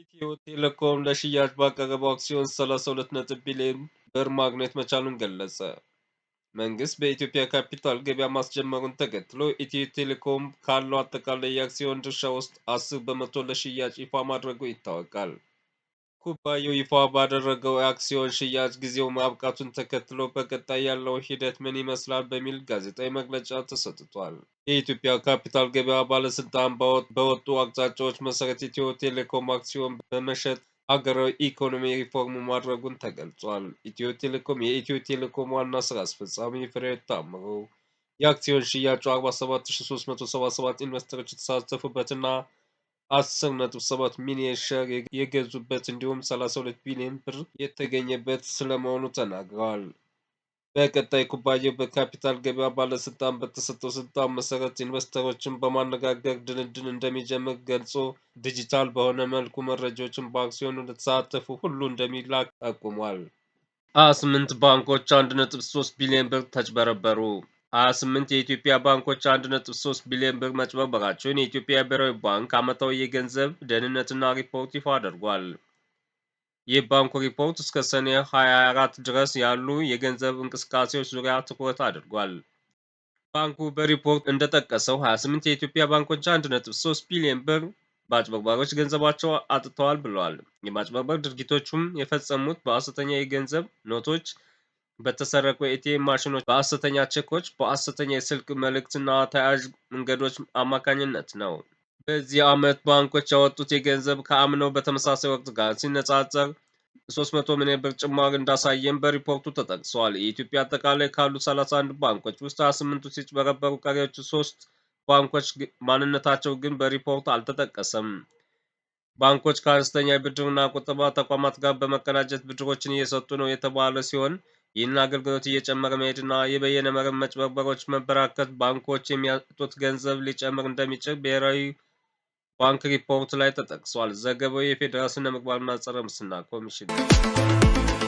ኢትዮ ቴሌኮም ለሽያጭ ባቀረበው አክሲዮን 32 ቢሊዮን ብር ማግኘት መቻሉን ገለጸ። መንግስት በኢትዮጵያ ካፒታል ገበያ ማስጀመሩን ተከትሎ ኢትዮ ቴሌኮም ካለው አጠቃላይ የአክሲዮን ድርሻ ውስጥ 10 በመቶ ለሽያጭ ይፋ ማድረጉ ይታወቃል። ኩባንያው ይፋ ባደረገው የአክሲዮን ሽያጭ ጊዜው ማብቃቱን ተከትሎ በቀጣይ ያለው ሂደት ምን ይመስላል በሚል ጋዜጣዊ መግለጫ ተሰጥቷል። የኢትዮጵያ ካፒታል ገበያ ባለስልጣን በወጡ አቅጣጫዎች መሰረት ኢትዮ ቴሌኮም አክሲዮን በመሸጥ ሀገራዊ ኢኮኖሚ ሪፎርም ማድረጉን ተገልጿል። ኢትዮ ቴሌኮም የኢትዮ ቴሌኮም ዋና ስራ አስፈጻሚ ፍሬው ታምሩ የአክሲዮን ሽያጩ 47377 ኢንቨስተሮች የተሳተፉበትና ሰባት ሚሊዮን ሼር የገዙበት እንዲሁም 32 ቢሊዮን ብር የተገኘበት ስለመሆኑ ተናግረዋል። በቀጣይ ኩባንያው በካፒታል ገበያ ባለስልጣን በተሰጠው ስልጣን መሰረት ኢንቨስተሮችን በማነጋገር ድንድን እንደሚጀምር ገልጾ ዲጂታል በሆነ መልኩ መረጃዎችን በአክሲዮኑ ለተሳተፉ ሁሉ እንደሚላክ ጠቁሟል። አስምንት ባንኮች 1.3 ቢሊዮን ብር ተጭበረበሩ። 28 የኢትዮጵያ ባንኮች 1.3 ቢሊዮን ብር መጭበርበራቸውን የኢትዮጵያ ብሔራዊ ባንክ ዓመታዊ የገንዘብ ደህንነትና ሪፖርት ይፋ አድርጓል። ባንኩ ሪፖርት እስከ ሰኔ 24 ድረስ ያሉ የገንዘብ እንቅስቃሴዎች ዙሪያ ትኩረት አድርጓል። ባንኩ በሪፖርት እንደጠቀሰው 28 የኢትዮጵያ ባንኮች 1.3 ቢሊዮን ብር በአጭበርባሪዎች ገንዘባቸው አጥተዋል ብለዋል። የማጭበርበር ድርጊቶቹም የፈጸሙት በሐሰተኛ የገንዘብ ኖቶች በተሰረቁ የኤቲኤም ማሽኖች፣ በአሰተኛ ቼኮች፣ በአሰተኛ የስልክ መልእክትና ተያያዥ መንገዶች አማካኝነት ነው። በዚህ ዓመት ባንኮች ያወጡት የገንዘብ ከአምነው በተመሳሳይ ወቅት ጋር ሲነጻጸር 300 ሚሊዮን ብር ጭማሪ እንዳሳየም በሪፖርቱ ተጠቅሷል። የኢትዮጵያ አጠቃላይ ካሉ 31 ባንኮች ውስጥ 28ቱ ሲጭበረበሩ፣ ቀሪዎቹ ሶስት ባንኮች ማንነታቸው ግን በሪፖርቱ አልተጠቀሰም። ባንኮች ከአነስተኛ ብድርና ቁጠባ ተቋማት ጋር በመቀናጀት ብድሮችን እየሰጡ ነው የተባለ ሲሆን ይህን አገልግሎት እየጨመረ መሄድና የበየነ መረብ መጭበርበሮች መበራከት ባንኮች የሚያጡት ገንዘብ ሊጨምር እንደሚችል ብሔራዊ ባንክ ሪፖርት ላይ ተጠቅሷል። ዘገባው የፌዴራል ስነ ምግባርና ጸረ ሙስና ኮሚሽን